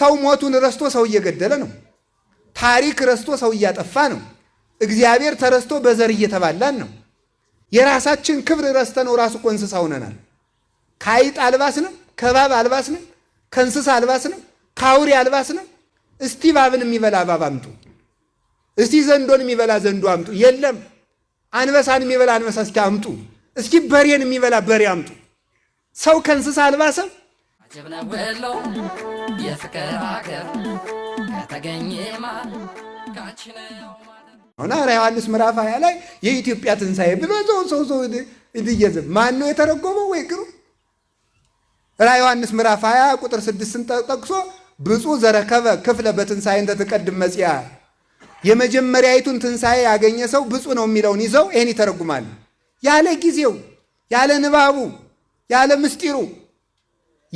ሰው ሞቱን ረስቶ ሰው እየገደለ ነው። ታሪክ ረስቶ ሰው እያጠፋ ነው። እግዚአብሔር ተረስቶ በዘር እየተባላን ነው። የራሳችን ክብር ረስተነው ራሱ እኮ እንስሳ ሆነናል። ከአይጥ አልባስንም፣ ከእባብ አልባስንም፣ ከእንስሳ አልባስንም፣ ከአውሬ አልባስንም። እስቲ እባብን የሚበላ እባብ አምጡ፣ እስቲ ዘንዶን የሚበላ ዘንዶ አምጡ። የለም አንበሳን የሚበላ አንበሳ እስኪ አምጡ፣ እስኪ በሬን የሚበላ በሬ አምጡ። ሰው ከእንስሳ አልባሰብ ጅብነ ወሎ የፍቅር ሀገር ከተገኘማ ካችን አሁን ሐዋርያ ዮሐንስ ምዕራፍ ሀያ ላይ የኢትዮጵያ ትንሣኤ ብሎ ሰው ሰው ሰው እንዲየዝብ ማን ነው የተረጎመው? ወይ ግሩ ራ ዮሐንስ ምዕራፍ 20 ቁጥር 6ን ጠቅሶ ብፁዕ ዘረከበ ክፍለ በትንሣኤ እንደተቀድም መጽያ የመጀመሪያይቱን ትንሣኤ ያገኘ ሰው ብፁዕ ነው የሚለውን ይዘው ይህን ይተረጉማል። ያለ ጊዜው፣ ያለ ንባቡ፣ ያለ ምስጢሩ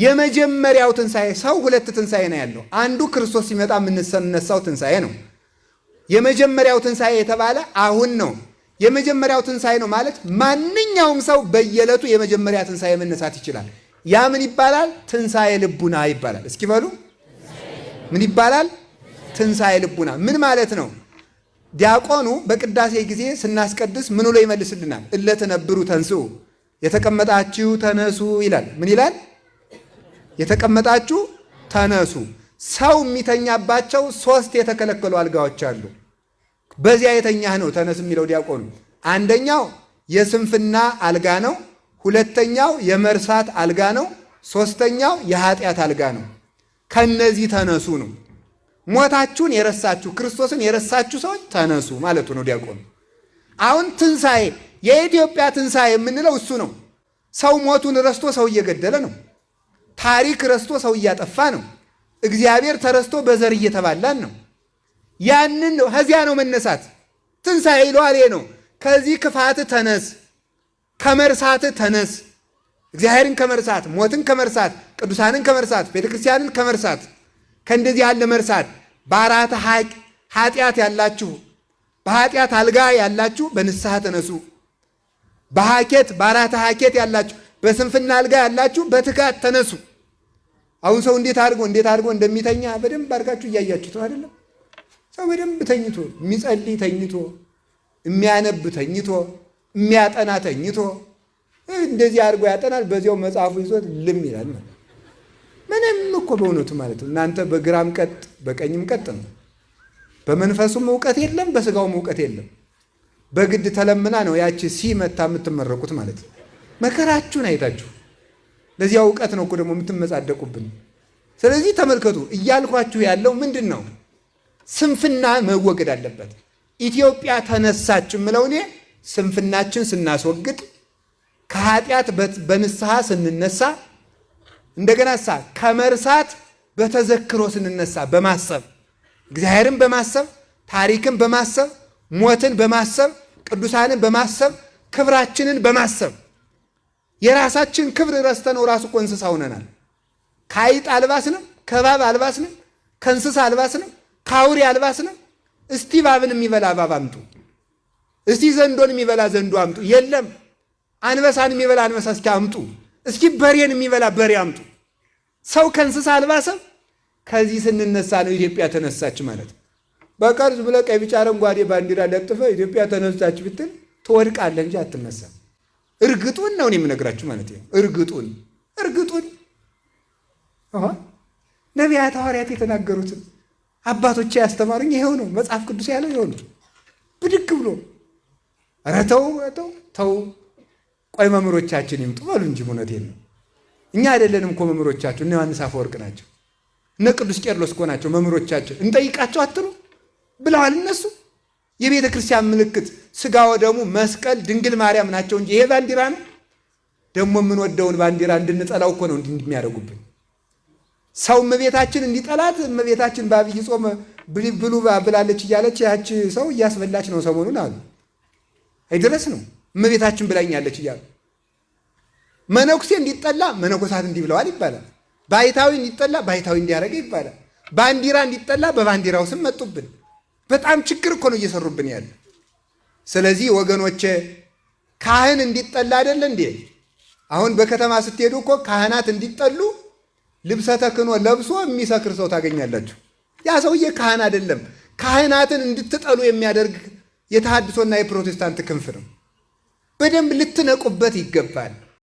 የመጀመሪያው ትንሣኤ ሰው ሁለት ትንሣኤ ነው ያለው። አንዱ ክርስቶስ ሲመጣ የምንነሳው ትንሣኤ ነው። የመጀመሪያው ትንሣኤ የተባለ አሁን ነው። የመጀመሪያው ትንሣኤ ነው ማለት ማንኛውም ሰው በየዕለቱ የመጀመሪያ ትንሣኤ መነሳት ይችላል። ያ ምን ይባላል? ትንሣኤ ልቡና ይባላል። እስኪ በሉ ምን ይባላል? ትንሣኤ ልቡና ምን ማለት ነው? ዲያቆኑ በቅዳሴ ጊዜ ስናስቀድስ ምን ብሎ ይመልስልናል? እለ ትነብሩ ተንስኡ፣ የተቀመጣችሁ ተነሱ ይላል። ምን ይላል? የተቀመጣችሁ ተነሱ። ሰው የሚተኛባቸው ሶስት የተከለከሉ አልጋዎች አሉ። በዚያ የተኛህ ነው ተነስ የሚለው ዲያቆኑ። አንደኛው የስንፍና አልጋ ነው። ሁለተኛው የመርሳት አልጋ ነው። ሶስተኛው የኃጢአት አልጋ ነው። ከነዚህ ተነሱ ነው። ሞታችሁን የረሳችሁ ክርስቶስን የረሳችሁ ሰዎች ተነሱ ማለቱ ነው ዲያቆኑ። አሁን ትንሣኤ፣ የኢትዮጵያ ትንሣኤ የምንለው እሱ ነው። ሰው ሞቱን ረስቶ ሰው እየገደለ ነው። ታሪክ ረስቶ ሰው እያጠፋ ነው። እግዚአብሔር ተረስቶ በዘር እየተባላን ነው። ያንን ነው ከዚያ ነው መነሳት። ትንሣኤ ይለዋል ነው ከዚህ ክፋት ተነስ፣ ከመርሳት ተነስ፣ እግዚአብሔርን ከመርሳት፣ ሞትን ከመርሳት፣ ቅዱሳንን ከመርሳት፣ ቤተክርስቲያንን ከመርሳት፣ ከእንደዚህ ያለ መርሳት በአራት ሀቅ ኃጢአት ያላችሁ በኃጢአት አልጋ ያላችሁ በንስሐ ተነሱ። በሀኬት በአራት ሀኬት ያላችሁ በስንፍና አልጋ ያላችሁ በትጋት ተነሱ። አሁን ሰው እንዴት አድርጎ እንዴት አድርጎ እንደሚተኛ በደንብ አድርጋችሁ እያያችሁት አይደለም? ሰው በደንብ ተኝቶ የሚጸልይ ተኝቶ፣ የሚያነብ ተኝቶ፣ የሚያጠና ተኝቶ፣ እንደዚህ አድርጎ ያጠናል። በዚያው መጽሐፉ ይዞት ልም ይላል ማለት ምንም እኮ በእውነቱ ማለት ነው። እናንተ በግራም ቀጥ በቀኝም ቀጥ ነው። በመንፈሱም እውቀት የለም፣ በስጋውም እውቀት የለም። በግድ ተለምና ነው ያቺ ሲመታ የምትመረቁት ማለት ነው። መከራችሁን አይታችሁ ለዚያ እውቀት ነው እኮ ደግሞ የምትመጻደቁብን። ስለዚህ ተመልከቱ፣ እያልኳችሁ ያለው ምንድን ነው? ስንፍና መወገድ አለበት። ኢትዮጵያ ተነሳች የምለው እኔ ስንፍናችን ስናስወግድ፣ ከኃጢአት በንስሐ ስንነሳ፣ እንደገና ሳ ከመርሳት በተዘክሮ ስንነሳ፣ በማሰብ እግዚአብሔርን በማሰብ ታሪክን በማሰብ ሞትን በማሰብ ቅዱሳንን በማሰብ ክብራችንን በማሰብ የራሳችን ክብር ረስተነው ራሱ እኮ እንስሳ ሆነናል። ከአይጥ አልባስንም፣ ከባብ አልባስንም፣ ከእንስሳ አልባስንም፣ ከአውሬ አልባስንም። እስቲ ባብን የሚበላ ባብ አምጡ፣ እስቲ ዘንዶን የሚበላ ዘንዶ አምጡ። የለም አንበሳን የሚበላ አንበሳ እስኪ አምጡ፣ እስኪ በሬን የሚበላ በሬ አምጡ። ሰው ከእንስሳ አልባሰብ። ከዚህ ስንነሳ ነው ኢትዮጵያ ተነሳች ማለት። በቀር ብለህ ቀይ ቢጫ አረንጓዴ ባንዲራ ለጥፈ ኢትዮጵያ ተነሳች ብትል ትወድቃለህ እንጂ አትነሳም። እርግጡን ነው የምነግራችሁ ማለት ነው። እርግጡን እርግጡን ነቢያት ሐዋርያት የተናገሩትን አባቶች ያስተማሩኝ ይኸው ነው፣ መጽሐፍ ቅዱስ ያለው ይኸው ነው። ብድግ ብሎ ኧረ ተው ተው ተው፣ ቆይ መምህሮቻችን ይምጡ በሉ እንጂ። እውነቴን ነው። እኛ አይደለንም እኮ መምህሮቻችሁ፣ እነ ዮሐንስ አፈወርቅ ናቸው፣ እነ ቅዱስ ቄርሎስ እኮ ናቸው መምህሮቻቸው። እንጠይቃቸው አትሉ ብለዋል እነሱ የቤተ ክርስቲያን ምልክት ስጋ ወደሙ መስቀል ድንግል ማርያም ናቸው እንጂ ይሄ ባንዲራ ነው። ደግሞ የምንወደውን ባንዲራ እንድንጠላው እኮ ነው እንደሚያደርጉብን። ሰው እመቤታችን እንዲጠላት እመቤታችን በአብይ ጾም ብሉ ብላለች እያለች ያቺ ሰው እያስበላች ነው ሰሞኑን አሉ። አይደረስ ነው እመቤታችን ብላኛለች እያሉ መነኩሴ እንዲጠላ መነኮሳት እንዲህ ብለዋል ይባላል። ባይታዊ እንዲጠላ ባይታዊ እንዲያደረገ ይባላል። ባንዲራ እንዲጠላ በባንዲራው ስም መጡብን። በጣም ችግር እኮ ነው እየሰሩብን ያለ። ስለዚህ ወገኖቼ ካህን እንዲጠላ አይደለ እንዴ? አሁን በከተማ ስትሄዱ እኮ ካህናት እንዲጠሉ ልብሰ ተክኖ ለብሶ የሚሰክር ሰው ታገኛላችሁ። ያ ሰውዬ ካህን አይደለም። ካህናትን እንድትጠሉ የሚያደርግ የተሃድሶና የፕሮቴስታንት ክንፍ ነው። በደንብ ልትነቁበት ይገባል።